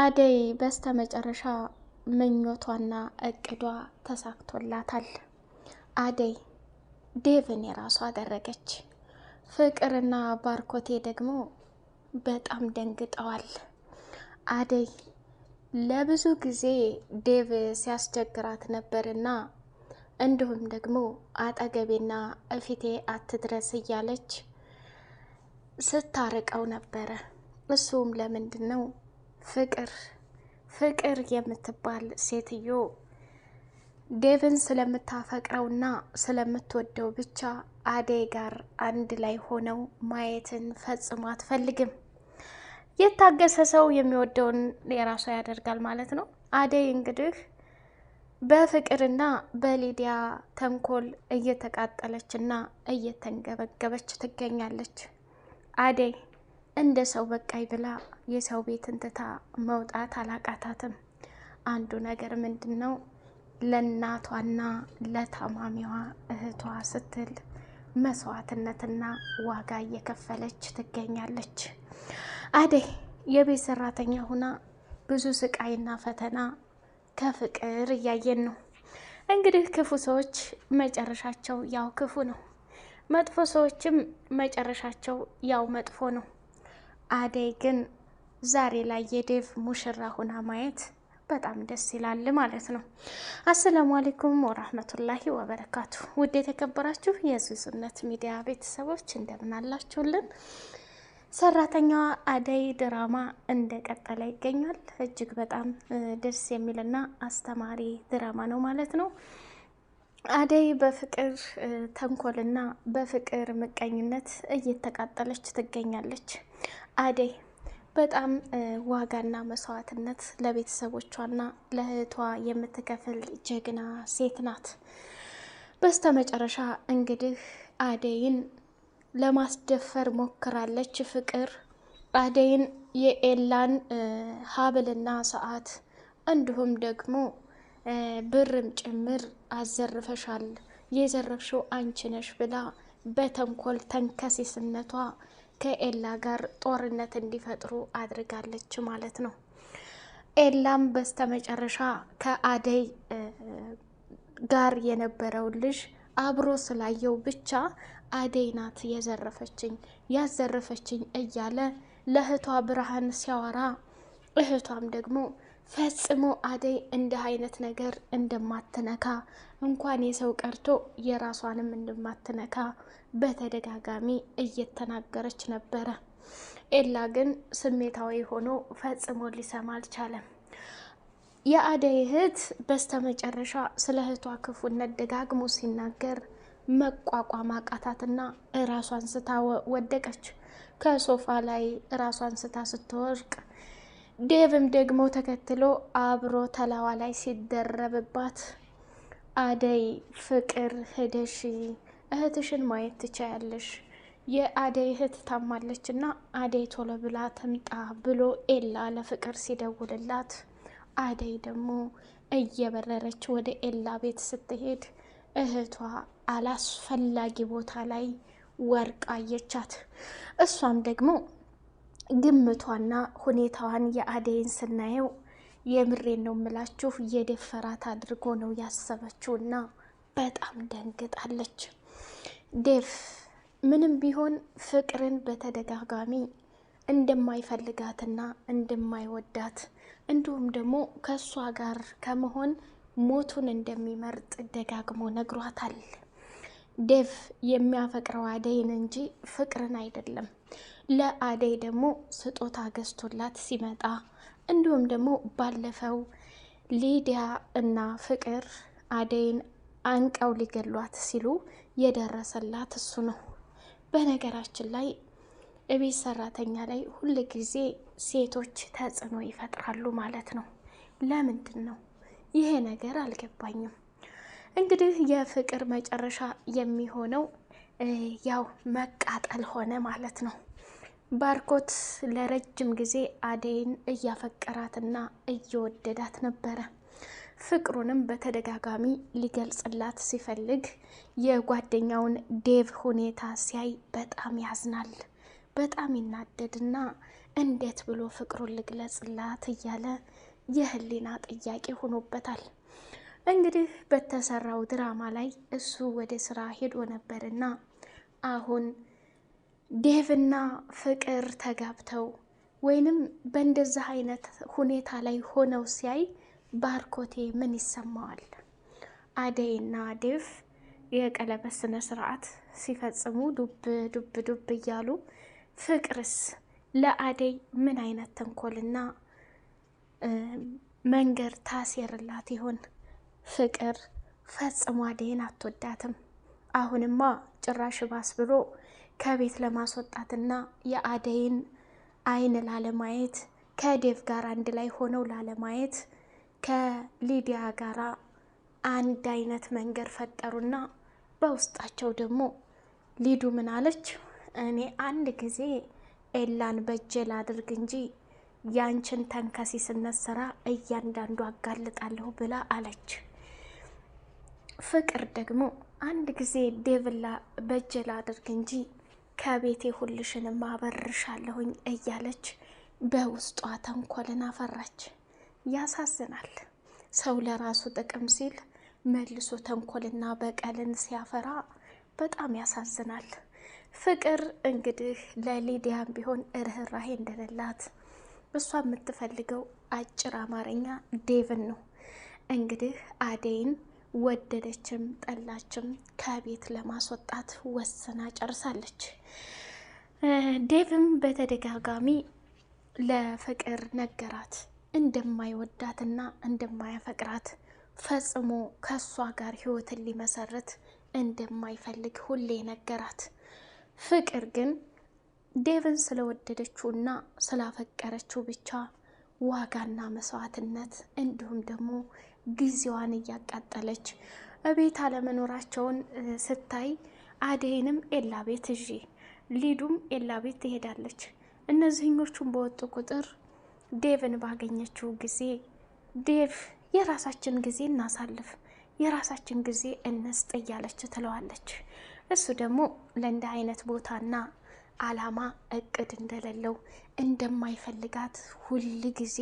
አደይ በስተመጨረሻ ምኞቷና እቅዷ ተሳክቶላታል። አደይ ዴቭን የራሷ አደረገች። ፍቅርና ባርኮቴ ደግሞ በጣም ደንግጠዋል። አደይ ለብዙ ጊዜ ዴቭ ሲያስቸግራት ነበርና እንዲሁም ደግሞ አጠገቤና እፊቴ አትድረስ እያለች ስታርቀው ነበረ። እሱም ለምንድን ነው ፍቅር ፍቅር የምትባል ሴትዮ ዴቭን ስለምታፈቅረውና ስለምትወደው ብቻ አደይ ጋር አንድ ላይ ሆነው ማየትን ፈጽሞ አትፈልግም። የታገሰ ሰው የሚወደውን የራሷ ያደርጋል ማለት ነው። አደይ እንግዲህ በፍቅርና በሊዲያ ተንኮል እየተቃጠለችና እየተንገበገበች ትገኛለች። አደይ እንደ ሰው በቃይ ብላ የሰው ቤት እንትታ መውጣት አላቃታትም። አንዱ ነገር ምንድን ነው ለእናቷና ለታማሚዋ እህቷ ስትል መስዋዕትነትና ዋጋ እየከፈለች ትገኛለች። አደይ የቤት ሰራተኛ ሁና ብዙ ስቃይና ፈተና ከፍቅር እያየን ነው። እንግዲህ ክፉ ሰዎች መጨረሻቸው ያው ክፉ ነው። መጥፎ ሰዎችም መጨረሻቸው ያው መጥፎ ነው። አደይ ግን ዛሬ ላይ የዴቭ ሙሽራ ሁና ማየት በጣም ደስ ይላል ማለት ነው። አሰላሙ አሌይኩም ወራህመቱላሂ ወበረካቱ። ውድ የተከበራችሁ የዝዝነት ሚዲያ ቤተሰቦች እንደምን አላችሁልን? ሰራተኛዋ አደይ ድራማ እንደቀጠለ ይገኛል። እጅግ በጣም ደስ የሚልና አስተማሪ ድራማ ነው ማለት ነው። አደይ በፍቅር ተንኮልና በፍቅር ምቀኝነት እየተቃጠለች ትገኛለች። አደይ በጣም ዋጋና መስዋዕትነት ለቤተሰቦቿና ለእህቷ የምትከፍል ጀግና ሴት ናት። በስተ መጨረሻ እንግዲህ አደይን ለማስደፈር ሞክራለች። ፍቅር አደይን የኤላን ሀብልና ሰዓት እንዲሁም ደግሞ ብርም ጭምር አዘርፈሻል፣ የዘረፍሽው አንቺ ነሽ ብላ በተንኮል ተንከሴስነቷ ከኤላ ጋር ጦርነት እንዲፈጥሩ አድርጋለች ማለት ነው። ኤላም በስተመጨረሻ ከአደይ ጋር የነበረው ልጅ አብሮ ስላየው ብቻ አደይ ናት የዘረፈችኝ ያዘረፈችኝ እያለ ለእህቷ ብርሃን ሲያወራ እህቷም ደግሞ ፈጽሞ አደይ እንደ አይነት ነገር እንደማትነካ እንኳን የሰው ቀርቶ የራሷንም እንደማትነካ በተደጋጋሚ እየተናገረች ነበረ። ኤላ ግን ስሜታዊ ሆኖ ፈጽሞ ሊሰማ አልቻለም። የአደይ እህት በስተመጨረሻ ስለ እህቷ ክፉነት ደጋግሞ ሲናገር መቋቋም አቃታትና ራሷን ስታ ወደቀች። ከሶፋ ላይ ራሷን ስታ ስትወርቅ ዴቭም ደግሞ ተከትሎ አብሮ ተላዋ ላይ ሲደረብባት አደይ ፍቅር ሄደሽ እህትሽን ማየት ትቻያለሽ፣ የአደይ እህት ታማለች እና አደይ ቶሎ ብላ ትምጣ ብሎ ኤላ ለፍቅር ሲደውልላት አደይ ደግሞ እየበረረች ወደ ኤላ ቤት ስትሄድ እህቷ አላስፈላጊ ቦታ ላይ ወርቅ አየቻት። እሷም ደግሞ ግምቷና ሁኔታዋን የአደይን ስናየው የምሬን ነው የምላችሁ የደፈራት አድርጎ ነው እና በጣም ደንግጣለች። ዴፍ ምንም ቢሆን ፍቅርን በተደጋጋሚ እንደማይፈልጋትና እንደማይወዳት እንዲሁም ደግሞ ከእሷ ጋር ከመሆን ሞቱን እንደሚመርጥ ደጋግሞ ነግሯታል። ዴቭ የሚያፈቅረው አደይን እንጂ ፍቅርን አይደለም። ለአደይ ደግሞ ስጦታ ገዝቶላት ሲመጣ እንዲሁም ደግሞ ባለፈው ሊዲያ እና ፍቅር አደይን አንቀው ሊገሏት ሲሉ የደረሰላት እሱ ነው። በነገራችን ላይ እቤት ሰራተኛ ላይ ሁል ጊዜ ሴቶች ተጽዕኖ ይፈጥራሉ ማለት ነው። ለምንድን ነው ይሄ ነገር አልገባኝም። እንግዲህ የፍቅር መጨረሻ የሚሆነው ያው መቃጠል ሆነ ማለት ነው። ባርኮት ለረጅም ጊዜ አደይን እያፈቀራትና እየወደዳት ነበረ። ፍቅሩንም በተደጋጋሚ ሊገልጽላት ሲፈልግ የጓደኛውን ዴቭ ሁኔታ ሲያይ በጣም ያዝናል። በጣም ይናደድና እንዴት ብሎ ፍቅሩን ልግለጽላት እያለ የህሊና ጥያቄ ሆኖበታል። እንግዲህ በተሰራው ድራማ ላይ እሱ ወደ ስራ ሄዶ ነበርና አሁን ዴቭና ፍቅር ተጋብተው ወይንም በእንደዚህ አይነት ሁኔታ ላይ ሆነው ሲያይ ባርኮቴ ምን ይሰማዋል? አደይና ዴቭ የቀለበት ስነ ስርዓት ሲፈጽሙ ዱብ ዱብ ዱብ እያሉ ፍቅርስ ለአደይ ምን አይነት ተንኮልና መንገድ ታሴርላት ይሆን? ፍቅር ፈጽሞ አደይን አትወዳትም። አሁንማ ጭራሽ ባስ ብሎ ከቤት ለማስወጣትና የአደይን አይን ላለማየት ከዴቭ ጋር አንድ ላይ ሆነው ላለማየት ከሊዲያ ጋር አንድ አይነት መንገድ ፈጠሩና በውስጣቸው ደግሞ ሊዱ ምን አለች? እኔ አንድ ጊዜ ኤላን በእጄ ላድርግ እንጂ ያንችን ተንከሲስነት ስራ እያንዳንዱ አጋልጣለሁ ብላ አለች። ፍቅር ደግሞ አንድ ጊዜ ዴቭላ በእጄ ላድርግ እንጂ ከቤቴ ሁልሽንም አበርሻለሁኝ እያለች በውስጧ ተንኮልን አፈራች። ያሳዝናል። ሰው ለራሱ ጥቅም ሲል መልሶ ተንኮልና በቀልን ሲያፈራ በጣም ያሳዝናል። ፍቅር እንግዲህ ለሊዲያም ቢሆን እርህራሄ እንደሌላት እሷ የምትፈልገው አጭር አማርኛ ዴቭን ነው እንግዲህ አደይን ወደደችም ጠላችም ከቤት ለማስወጣት ወስና ጨርሳለች። ዴቭም በተደጋጋሚ ለፍቅር ነገራት እንደማይወዳትና እንደማያፈቅራት ፈጽሞ ከእሷ ጋር ህይወትን ሊመሰርት እንደማይፈልግ ሁሌ ነገራት። ፍቅር ግን ዴቭን ስለወደደችው እና ስላፈቀረችው ብቻ ዋጋና መስዋዕትነት እንዲሁም ደግሞ ጊዜዋን እያቃጠለች እቤት አለመኖራቸውን ስታይ አደይንም ኤላ ቤት እዤ ሊዱም ኤላ ቤት ትሄዳለች። እነዚህኞቹን በወጡ ቁጥር ዴቭን ባገኘችው ጊዜ ዴቭ የራሳችን ጊዜ እናሳልፍ፣ የራሳችን ጊዜ እንስጥ እያለች ትለዋለች። እሱ ደግሞ ለእንዲህ አይነት ቦታና አላማ እቅድ እንደሌለው እንደማይፈልጋት ሁል ጊዜ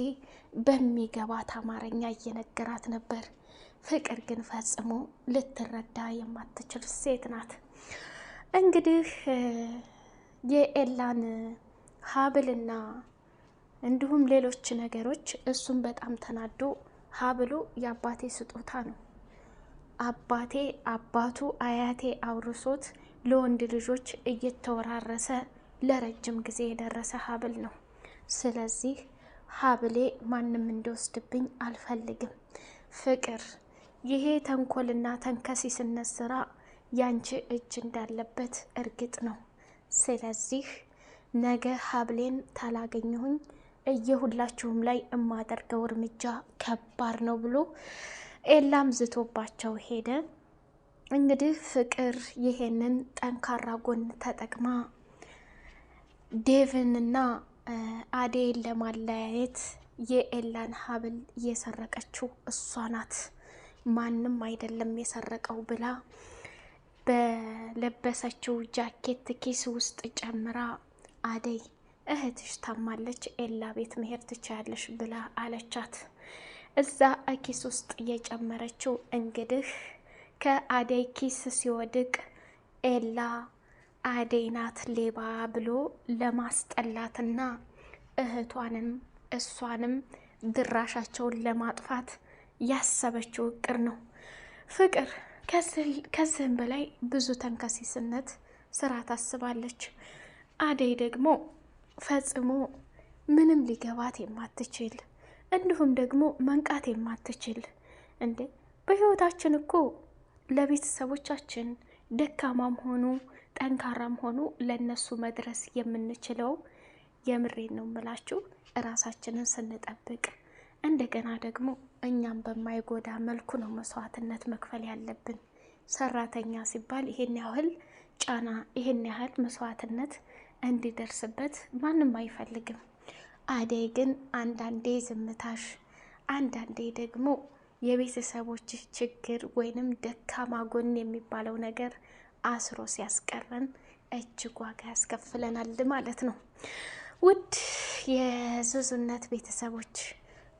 በሚገባት አማርኛ እየነገራት ነበር። ፍቅር ግን ፈጽሞ ልትረዳ የማትችል ሴት ናት። እንግዲህ የኤላን ሀብልና እንዲሁም ሌሎች ነገሮች እሱም በጣም ተናዶ ሀብሉ የአባቴ ስጦታ ነው አባቴ አባቱ አያቴ አውርሶት ለወንድ ልጆች እየተወራረሰ ለረጅም ጊዜ የደረሰ ሀብል ነው። ስለዚህ ሀብሌ ማንም እንዲወስድብኝ አልፈልግም። ፍቅር፣ ይሄ ተንኮልና ተንከሲስነት ስራ ያንቺ እጅ እንዳለበት እርግጥ ነው። ስለዚህ ነገ ሀብሌን ታላገኘሁኝ እየሁላችሁም ላይ የማደርገው እርምጃ ከባድ ነው ብሎ ኤላም ዝቶባቸው ሄደ። እንግዲህ ፍቅር ይሄንን ጠንካራ ጎን ተጠቅማ ዴቭን ና አዴይን ለማለያየት የኤላን ሀብል እየሰረቀችው እሷ ናት፣ ማንም አይደለም የሰረቀው ብላ በለበሰችው ጃኬት ኪስ ውስጥ ጨምራ አደይ እህትሽ ታማለች፣ ኤላ ቤት መሄድ ትችያለሽ ብላ አለቻት። እዛ ኪስ ውስጥ የጨመረችው እንግዲህ ከአደይ ኪስ ሲወድቅ ኤላ አደይ ናት ሌባ ብሎ ለማስጠላትና እህቷንም እሷንም ድራሻቸውን ለማጥፋት ያሰበችው እቅር ነው። ፍቅር ከዚህም በላይ ብዙ ተንከሲስነት ስራ ታስባለች። አደይ ደግሞ ፈጽሞ ምንም ሊገባት የማትችል እንዲሁም ደግሞ መንቃት የማትችል እንዴ በህይወታችን እኮ ለቤተሰቦቻችን ደካማም ሆኑ ጠንካራም ሆኑ ለእነሱ መድረስ የምንችለው የምሬን ነው ምላችሁ እራሳችንን ስንጠብቅ እንደገና ደግሞ እኛም በማይጎዳ መልኩ ነው መስዋዕትነት መክፈል ያለብን። ሰራተኛ ሲባል ይሄን ያህል ጫና፣ ይሄን ያህል መስዋዕትነት እንዲደርስበት ማንም አይፈልግም። አደይ ግን አንዳንዴ ዝምታሽ፣ አንዳንዴ ደግሞ የቤተሰቦችህ ችግር ወይንም ደካማ ጎን የሚባለው ነገር አስሮ ሲያስቀረን እጅግ ዋጋ ያስከፍለናል ማለት ነው። ውድ የዙዙነት ቤተሰቦች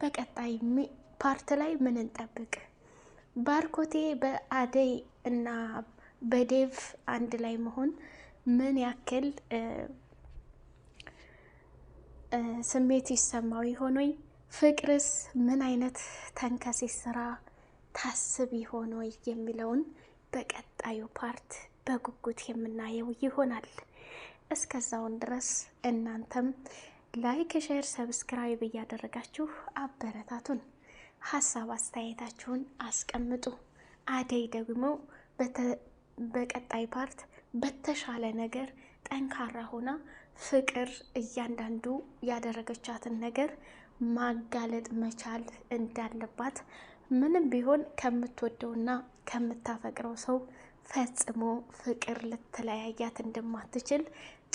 በቀጣይ ፓርት ላይ ምን እንጠብቅ? ባርኮቴ በአደይ እና በዴቭ አንድ ላይ መሆን ምን ያክል ስሜት ይሰማው ይሆን? ፍቅርስ ምን አይነት ተንከሴ ስራ ታስብ ይሆን ወይ የሚለውን በቀጣዩ ፓርት በጉጉት የምናየው ይሆናል። እስከዛውን ድረስ እናንተም ላይክ፣ ሼር፣ ሰብስክራይብ እያደረጋችሁ አበረታቱን። ሀሳብ አስተያየታችሁን አስቀምጡ። አደይ ደግሞ በቀጣይ ፓርት በተሻለ ነገር ጠንካራ ሆና ፍቅር እያንዳንዱ ያደረገቻትን ነገር ማጋለጥ መቻል እንዳለባት ምንም ቢሆን ከምትወደውና ከምታፈቅረው ሰው ፈጽሞ ፍቅር ልትለያያት እንደማትችል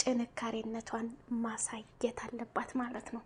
ጥንካሬነቷን ማሳየት አለባት ማለት ነው።